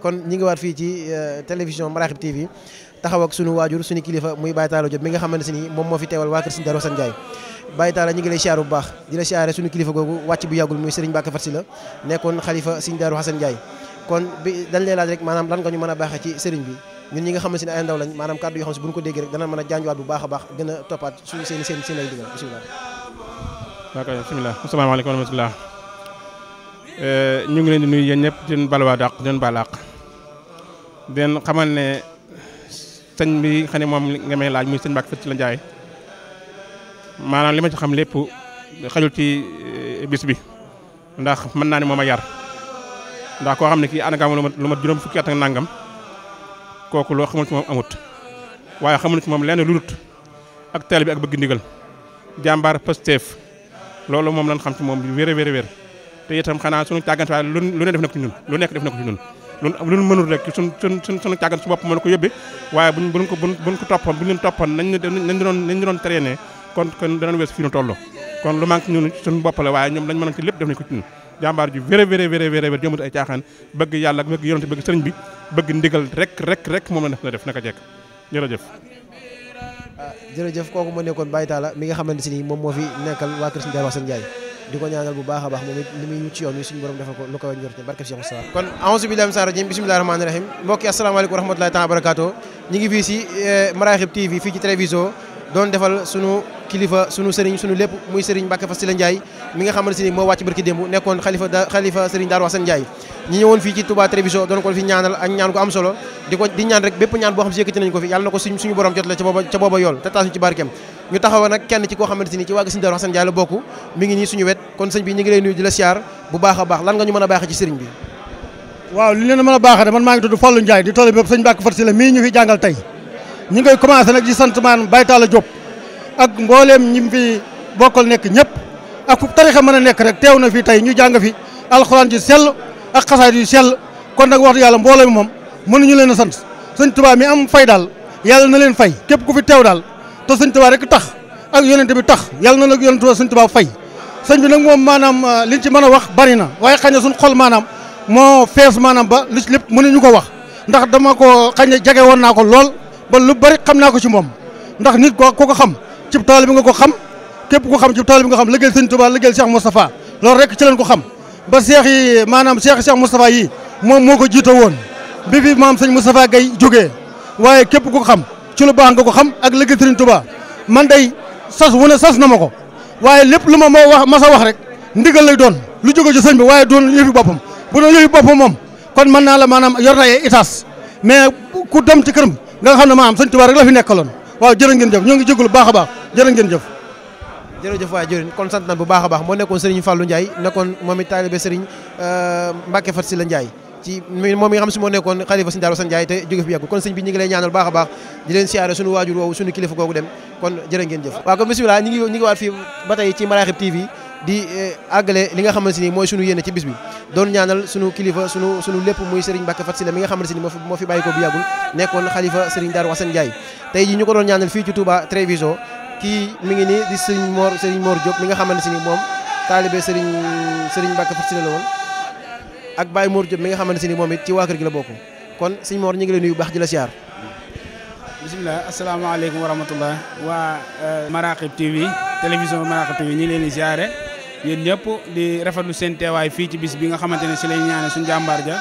kon ñi ngi waat fii ci euh, télévision Maraxib TV taxaw ak sunu waajur sunu kilifa muy Baye Talla Diop mi nga xamante si ni moom moo fi teewal waa kër Serigne Darou Assane Ndiaye Baye Talla bu baax di la siyaare sunu kilifa googu wàcc bu yàggul muy Serigne Mbacke Faty la nekkoon xalifa Serigne Darou Assane Ndiaye kon bi dañ lay laaj rek maanaam lan nga ñu mën a baaxee ci Serigne bi ñun ñi nga ne ndaw lañ maanaam kàddu yoo xam si ñu a a baax a toppaat suñu seen seen seen ay digal bisimilah waa kay bisimilah asalaamaaleykum wa rahmatulah euh, ñu ngi leen di nuyu yéen ñëpp di leen balwaa dàq di den xamal ne sëñ bi xam ne moom nga may laaj muy sëñ ci la jaay maanaam li ma ci xam lépp xajul ci eh, bis bi ndax man naa ne moom a yar ndax koo xam ne kii anagam lu mat juróom fukki at ak nangam kooku loo xamul ci moom amut waaye xamul ci moom lenn lu dut ak teel bi ak bëgg ndigal jàmbaar Pastef loolu moom lañ xam ci moom bi wér a wér a wér te itam xanaa suñu tàggante waaye lu ne def na ko ci ñun lu nekk def na ko ci ñun lu luñ mënul rek suñ suñ suñ suñu càggan su bopp mën ko yóbbee waaye buñ buñ ko buñ ko toppoon buñ leen toppoon nañ nañ doon nañ doon traîner kon kon danañ nu suñu bopp waaye ñoom lañ mënoon ci lépp def nañ ko ci ñun jàmbaar ji véré véré véré véré véré jëmut ay caaxaan bëgg yàlla bëgg yonent bëgg def na def naka jekk jërëjëf ah, jërëjëf kooku ma nekkoon Baye Talla mi nga xamante si ni moom moo fi nekkal waa Kër Sëñ Ndiaye seen sëñ di ko ñaanal bu baax a baax moom it li muy ñu yoon suñu borom defal ko lu koy njort ne fii si eh, Maraxib TV fii ci télévision doon defal sunu kilifa sunu sëriñ sunu lépp muy sëriñ Mbacke Fassila Ndiaye mi nga xamante ni moo wàcc barki démb nekkoon xalifa xalifa sëriñ Daaru Assane suñu borom jot la ca booba yool te taas ci barkeem ñu taxaw nag kenn ci koo xamante ni ci waa sëñ Daaru Xasan Njaay la bokk mi ngi nii suñu wet kon sëñ bi ñu ngi leen nuyu di la siyaar bu baax a baax lan nga ñu mën a baaxee ci sëriñ bi waaw li leen mën a baaxee de man maa ngi tudd Fallou Ndiaye di toll bépp sëñ Mbàkke Fat Sylla mii ñu fi jàngal tey ñu ngay koy commencé nag di sant maanaam Baye Talla Diop ak mbooleem ñi fi bokkal nekk ñëpp ak fu tarixa mën a nekk rek teew na fii tey ñu jàng fi alxuraan ji sell ak xasaayid yu kon nag wax yàlla mbooloo mi moom mënuñu leen a sant sëñ Tuubaa mi am fay daal yàlla na leen fay képp ku fi teew daal te sëñ Tuubaa rek tax ak yonent bi tax yàlla na la yonent sëñ Tuubaa fay sëñ bi nag moom maanaam euh, liñ ci man a wax bari na waaye xañ na suñ xol maanaam moo fees maanaam ba li lépp mënuñu ko wax ndax dama ko xañ na jege woon naa ko lool ba lu bari xam naa ko ci moom ndax nit ko ko xam cib taal bi nga ko xam képp ko xam cib taal bi nga xam liggéeyal sëñ Tuubaa liggéeyal Cheikh Moustapha loolu rek ci leen ko xam ba seex yi maanaam seex Cheikh Moustapha yi moom moo ko jiite woon bi fi maam sëñ Moustapha Gaye jógee waaye képp ko xam ci lu baax nga ko xam ak liggéey Sëriñ Tuubaa man day sas wu ne sas na ma ko waaye lépp lu ma moo wax ma sa wax rek ndigal lay doon lu jóge ci sëñ bi waaye doon yëfi boppam bu doon yëfi boppam moom kon mën naa la maanaam yor na ay itaas mais ku dem ci këram nga xam ne maanaam sëñ Tuubaa rek la fi nekkaloon waaw jërë ngeen jëf ñoo ngi jégalu baax a baax jërë ngeen jëf jërëjëf waay jëriñ kon sant nañ bu baax a baax moo nekkoon Serigne Fallou Ndiaye nekkoon moom it taalibe Serigne euh, Mbacke Fat Sylla Ndiaye ci moom mi nga xam si a baax di eh, ni mooy suñu yéene ci bis bi kilifa suñu suñu lépp muy Serigne Mbacke Fat Sylla mi nga xamante ni moo fi bàyyi ko nii di ni moom taalibe Serigne Serigne Mbacke Fat Sylla la woon ak Baye Mor Diop mi nga xamante ni moom it ci waa kër gi la bokk kon sëñ Mor ñu ngi lay nuyu baax di la siyaar. bisimilah asalaamaaleykum wa rahmatullah waa euh, Maraxib TV télévision Maraxib TV ñi leen di siyaare yéen ñëpp di rafetlu seen teewaay fii ci bis bi nga xamante ne si lañ ñaane suñu jàmbaar ja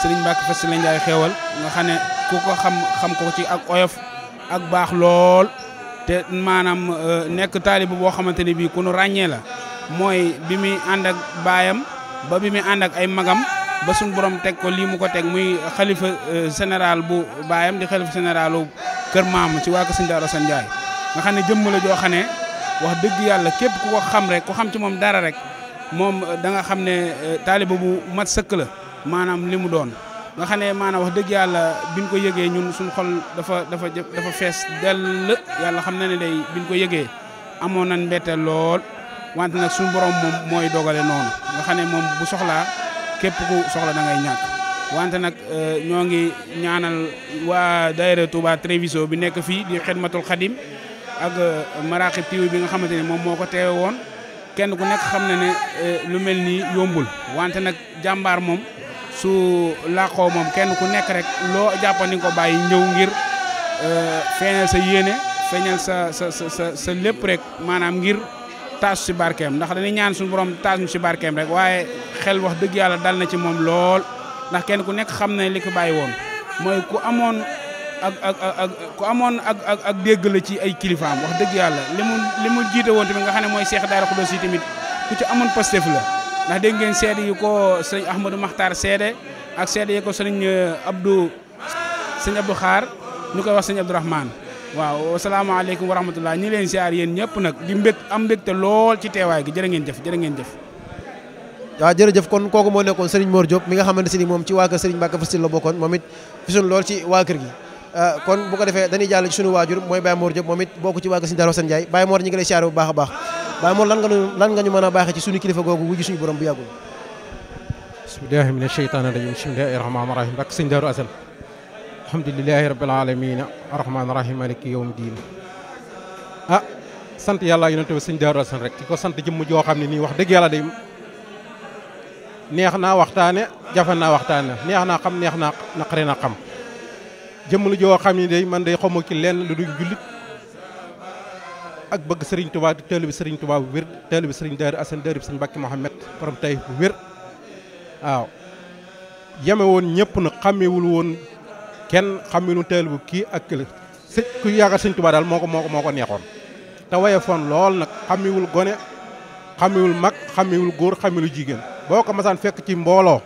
Serigne Mbacke Faty Sylla Ndiaye xéewal nga xam ne ku ko xam xam ko ci ak oyof ak baax lool te maanaam euh, nekk taaliba boo xamante ne bii ku ràññee la mooy bi muy ànd baayam ba bi muy ànd ak ay magam ba suñu borom teg ko lii mu ko teg muy xalifa euh, général bu baayam di xalifa généralu kër maamu ci waa Kër Sëñ Daaru Asan nga xam ne jëmm la joo xam ne wax dëgg yàlla képp ku ko xam rek ku xam ci moom dara rek moom euh, da nga xam ne euh, taaliba bu mat sëkk la maanaam li mu doon. nga xam ne maanaam wax dëgg yàlla biñ ko yëgee ñun suñu xol dafa dafa dafa fees dell yàlla xam na ne day biñ ko yëgee amoon nañ mbetteel lool. wante nag suñu borom moom mooy dogale noonu nga xam ne moom bu soxlaa képp ku soxla da ngay wante nag euh, ñoo ngi ñaanal waa daayira Touba Treviso bi nekk fii di xidmatul xadim ak euh, Maraaqib TV bi nga xamante ne moom moo ko teewe woon kenn ku nekk xam na ne euh, lu mel nii yombul wante nag jàmbaar moom su làqoo moom kenn ku nekk rek loo jàppandi ko bàyyi ñëw ngir feeñal sa yéene feeñal sa sa sa sa lépp rek maanaam ngir taas si barkeem ndax dañuy ñaan suñu borom taas ñu si barkeem rek waaye xel wax dëgg yàlla dal na ci moom lool ndax kenn ku nekk xam ne li ko bàyyi woon mooy ku amoon ak ak amoon ak ak ak dégg la ci ay kilifaam wax dëgg yàlla li mu li mu jiite woon tamit nga xam ne mooy Cheikh Daara Khoudoss yi tamit ku ci amoon pastef la ndax dégg ngeen seede yi ko sëñ Ahmadou Makhtar seede ak seede yi ko sëñ euh, Abdou sëñ Abdou Xaar ñu koy wax sëñ Abdourahmane waaw asalaamaaleykum wa rahmatulah ñi leen siyaar yéen ñëpp nag di mbég am mbégte lool ci teewaay gi jërë ngeen jëf jërë ngeen jëf waaw jërëjëf kon kooku moo nekkoon Serigne Mor Diop mi nga xamante ni moom ci waa kër Serigne Mbacke Fassil la bokkoon moom it ci waa kër gi euh, kon bu ko defee dañuy jàll ci sunu waajur mooy Baye Mor Diop moom it bokk ci waa kër Serigne Darou Hassane Ndiaye Baye Mor ñi a baax Baye Mor lan nga ñu lan nga ñu mën a baaxee ci sunu alhamdulilahi rabbil alamina arrahman rahim maliki yawm diin ah sant yàlla yonente bi sëñ Daaru Asan rek ci ko sant jëmm joo xam ne nii wax dëgg yàlla day neex naa waxtaane jafe naa waxtaane neex naa xam neex naa naqare na xam jëmm lu joo xam ne day man day xamu ci lenn lu duñ jullit ak bëgg Serigne Touba di teel bi bu wér teel bi Serigne Daaru Asan Daaru sañ Sëñ Mbàkke Mohamed borom tey bu wér waaw yame woon ñëpp na xamewul woon kenn xam nu teel bu kii ak kële sëñ ku yaakaar sëñ daal moo ko moo ko moo ko neexoon te waye foon lool nag xamiwul gone xamiwul mag xamiwul góor xamiwul jigéen boo ko masaan fekk ci mbooloo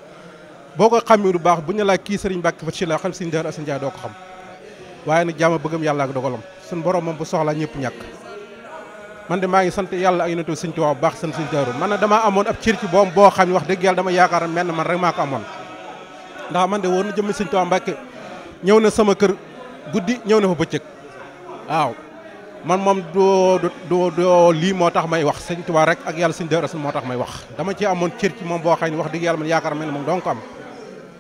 boo ko xamee lu baax bu ñu laaj kii sëriñ Mbàkke Faty Sylla xam sëriñ Daaru Asan Njaay doo ko xam waaye nag jaama yàlla ak dogalam suñ borom moom bu soxlaa ñëpp ñàkk man de maa ngi sant yàlla ak yonent bi sëñ Tuubaa baax sant sëñ Daaru man na damaa amoon ab cër boom boo xam wax dëgg yàlla dama yaakaar menn man na jëmmi sëñ Tuubaa Mbàkke ñëw na sama kër guddi ñëw na fa bëccëg waaw man moom doo doo doo lii moo tax may wax sëñ Tuubaa rek ak yàlla sëñ Daaru Rasuul moo tax may wax dama ci amoon cër moom boo xam ne wax dëgg yàlla man yaakaar mel ne moom donc am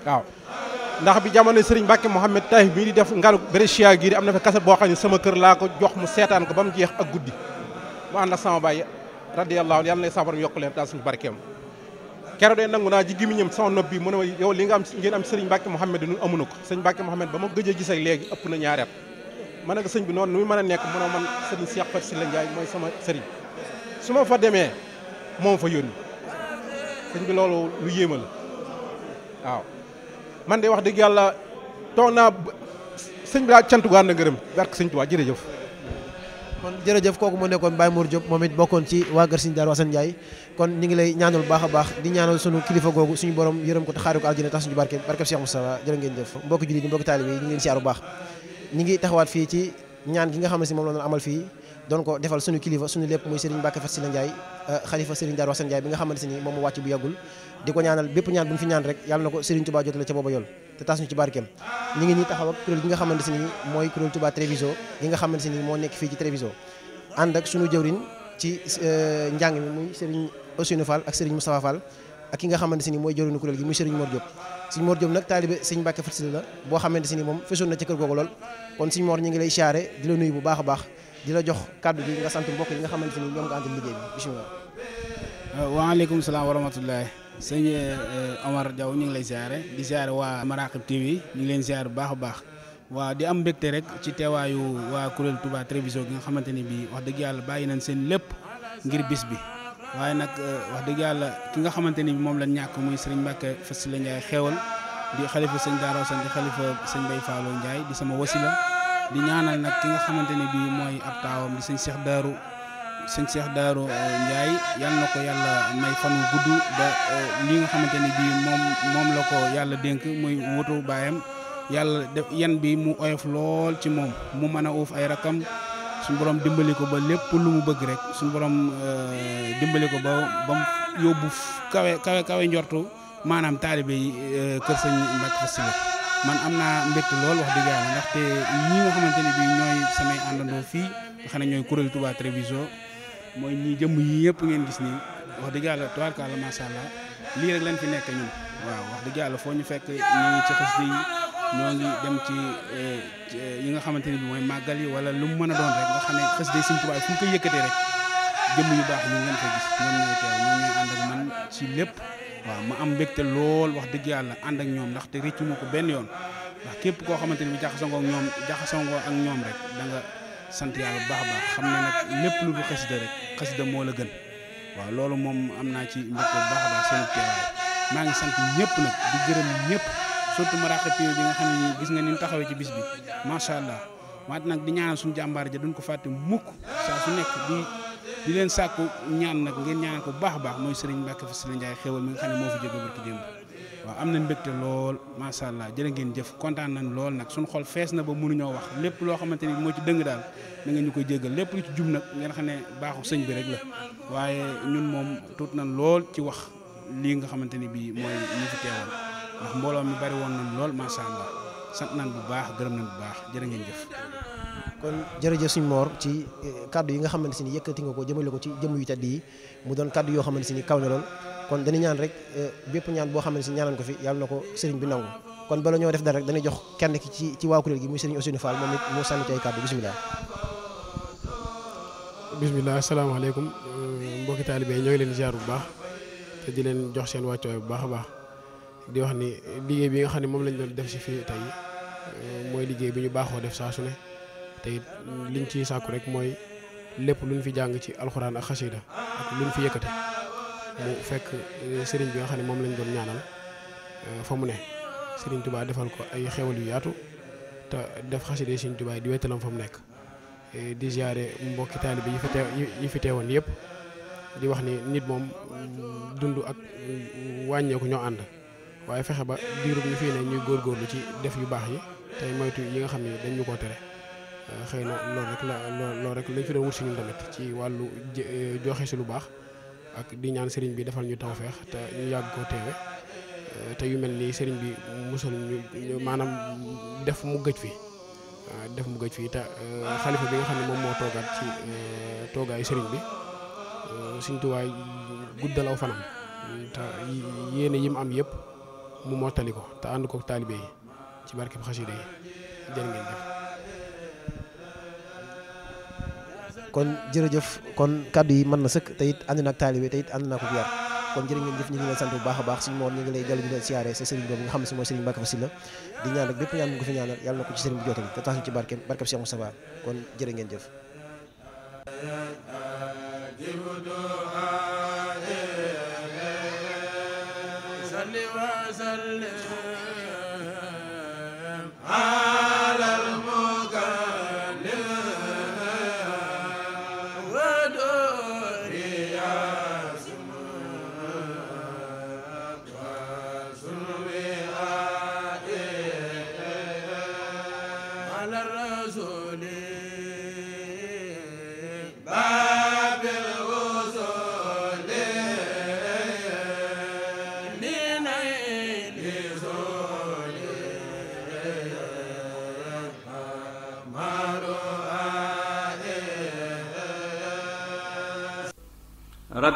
waaw ndax bi jamono sëriñ Mbàkke Mouhamed Taïf bii di def ngalu Brescia gii di am na fa kaset boo xam ne sama kër laa ko jox mu seetaan ko ba mu jeex ak guddi mu ànd ak sama baay radiyallaahu yàlla na sabaram yokk leen daal suñu barkeem kero dee nangu naa ji gémmiñam sama nopp bi mu ne ma yow li nga am am sëriñ Mbacke Mouhamed nun amunu ko sëriñ Mbacke Mouhamed ba ma gëj a gisee ëpp na ñaari at ma ne ko sëñ bi noonu nu mën a nekk mu ne man sëriñ Cheikh Fatou Sylla Ndiaye sama sëriñ su ma fa demee moom fa yónni sëñ bi loolu lu yéema la waaw man de wax dëgg yàlla toog naa sëñ bi daal cantu gaar na ngërëm barke sëñ waa jërëjëf kon jërëjëf kooku mu nekkoon Baye Mour Diop moom it bokkoon ci waa Kër Serigne Darou Assane kon ñu ngi lay ñaanal baax a baax di ñaanal sunu kilifa googu suñu borom yërëm ko te xaaru ko aljana tax suñu barke barkeb Cheikh Moustapha jërë ngeen jëf mbokki jullit yi mbokki taalibe yi ñu ngi leen siyaaru baax ñu ngi taxawaat fii ci ñaan gi nga xam ne si moom la amal fii doon ko defal suñu kilifa suñu lépp muy Serigne Mbacke Fat Sylla Ndiaye euh, xalifa Serigne Darou Assane Ndiaye bi nga xamante ni moom mu wàcc bu yàggul di ko ñaanal bépp ñaan bu ñu fi ñaan rek yàlla na ko Serigne Touba jotale ca booba yool te taas ñu ci barkeem ñi ngi xamante ni mooy kuréel Touba Treviso ni moo nekk fii ci Treviso ak suñu jëwriñ ci euh, njàng mi muy Serigne Ousseynou Fall ak Serigne Moustapha Fall ki nga xamante ni mooy jëwriñu kuréel gi muy Serigne Mor Diop Serigne Mor Diop nag taalibe Serigne Mbacke boo xamante ni moom fesoon na ci kër googu lool kon Serigne Mor ñu ngi lay siyaare di la nuyu bu baax a baax di la jox kàddu gi nga sant mbokk yi nga xamante ni ñoom nga àndal liggéey bi bisimilah. Euh, waaleykum salaam wa rahmatulah sëñ euh, euh, Omar Diaw ñu ngi lay ziare di ziare waa Maraxib TV ñu ngi leen ziare bu baax a baax. waaw di am mbégte rek ci teewaayu waa kuréel Touba Treviso gi nga xamante ni bii wax dëgg yàlla bàyyi nañ seen lépp ngir bis bi waaye nag wax dëgg yàlla ki nga xamante ni moom lañ ñàkk muy sëriñ Mbacke Fassila Ndiaye xéewal di xalifa sëñ Daaro Sane di xalifa sëñ Bay Fallou Ndiaye di sama wasila di ñaanal nag ki nga xamante ne bii mooy ab taawam di sëñ Cheikh Darou sëñ Cheikh Darou euh, Ndiaye yal na ko yàlla may fan wu gudd ba euh, li nga xamante ne bii moom moom la ko yàlla dénk muy wutu baayam yàlla def yan bi mu oyof lool ci moom mu mën a uuf ay rakam suñu borom dimbali ko ba lépp lu mu bëgg rek suñu borom euh, dimbali ko ba ba mu yóbbu kawe kawe kawe njortu maanaam taalibe yi kër sëñ Mbacke Sylla man am naa mbégte lool wax dëgg yàlla ndaxte ñi nga xamante ne bii ñooy samay àndandoo fii nga xam ne ñooy kuréel Touba Treviso mooy ñi jëmm yi yëpp ngeen gis nii wax dëgg yàlla tubaarkàlla macha allah lii rek lañ fi nekk ñun waaw wax dëgg yàlla foo ñu fekk ñoo ngi ci xas yi ñoo ngi dem ci eh, yi nga xamante ne bi mooy màggal yi wala lu mu mën a doon rek nga xam ne xës day suñ tubaab fu ñu ko yëkkatee rek jëmm yu baax ñu ngeen ko gis ñoom ñooy teew ñoom ñooy ànd ak man ci lépp waaw ma am mbégte lool wax dëgg yàlla ànd ak ñoom ndaxte réccu ma benn yoon ndax képp koo xamante ni bi jaxasangoo ak ñoom jaxasangoo ak ñoom rek da nga sant yàlla baax a xam ne nag lépp lu du xasida rek xasida moo la gën waaw loolu moom am naa ci mbégte bu baax a baax seen maa ngi sant ñëpp nag di gërëm ñëpp surtout Maraqa Piir bi nga xam ne gis nga ni taxawee ci bis bi macha allah waat nag di ñaanal suñu jàmbaar ja duñ ko fàtte mukk saa su nekk di leen sàkku ñaan nag ngeen ñaan ko baax baax mooy sëriñ Mbacke Fassila Ndiaye xéwal mi nga xam ne moo fi jóge barki démb waaw am nañ mbégte lool macha allah jërë ngeen jëf kontaan nañ lool nag suñu xol fees na ba mënuñoo wax lépp loo xamante ni moo ci dëng daal na nga ñu ko jéggal lépp lu ci jub nag ngeen xam ne baaxu sëñ bi rek la waaye ñun moom tuut na lool ci wax lii nga xamante ni bii mooy ñu fi teewal ndax mbooloo mi bari woon na lool macha allah sant nañ bu baax gërëm nañ bu baax jërë ngeen jëf kon jërëjëf suñ moor ci eh, kaddu yi nga xamante ni yëkkati nga ko jëmale ko ci jëm yu tedd yi mu doon kaddu yoo xamante ni kaw na lool kon dañu ñaan rek eh, bépp ñaan boo xamante ni ñaanal ko fi yàlla na ko sëriñ bi nangu kon bala ñoo def dara rek dañuy jox kenn ki ci ci waa gi muy sëriñ Ousseynou Fall moom it moo sànni ci ay kaddu bisimilah. bisimilah asalaamaaleykum euh, mbokki taalibe ñoo ngi leen di ziar bu baax te di leen jox seen wàccuwaay bu baax a baax di wax ni liggéey bi nga xam ne moom lañ doon def si fii tey euh, mooy liggéey bi ñu baaxoo def saa su te it liñ ciy sàkku rek mooy lépp luñ fi jàng ci alxuraan ak xasida ak luñ fi yëkkate mu fekk eh, sëriñ bi nga xam ne moom lañu doon ñaanal eh, fa mu ne sëriñ Tuubaa defal ko ay xewal yu yaatu te def xasida yi sëriñ Tuubaa di wettalam fa mu nekk eh, di ziare mbokki taalibe yi fi teew yi yëpp di wax ni nit moom mm, dund ak mm, wàññeeku ñoo ànd waaye fexe ba diirub ñu fii ne ñuy góorgóorlu ci def yu baax yi tey moytu yi nga xam ne dañ ñu koo tere Euh, xëy na loolu rek la loolu rek lañ fi doon wut si ñun tamit ci wàllu euh, joxe si lu baax ak di ñaan sëriñ bi defal ñu tawfeex te ñu yàgg koo teewe euh, te yu mel nii sëriñ bi musal ñu maanaam def mu gëj fi def mu gëj fi te xalifa bi nga xam ne moom moo toogaat ci toogaayu sëriñ bi suñ tuwaay guddal aw fanam te yéene yim am yëpp mu mottali ko te ànd ko taalibe yi ci barkeb xasida yi jërë kon jërëjëf kon kàddu yi mën na sëkk te it ànd na te it ànd na ko kon jërë ngeen jëf ñu ngi leen bu baax baax suñu moom ñu ngi lay jàll di leen siyaare sa sëriñ boobu nga xam ne si mooy sëriñ Mbacke Fassila di ñaan ak bépp ñaan ko fi ñaanal yàlla na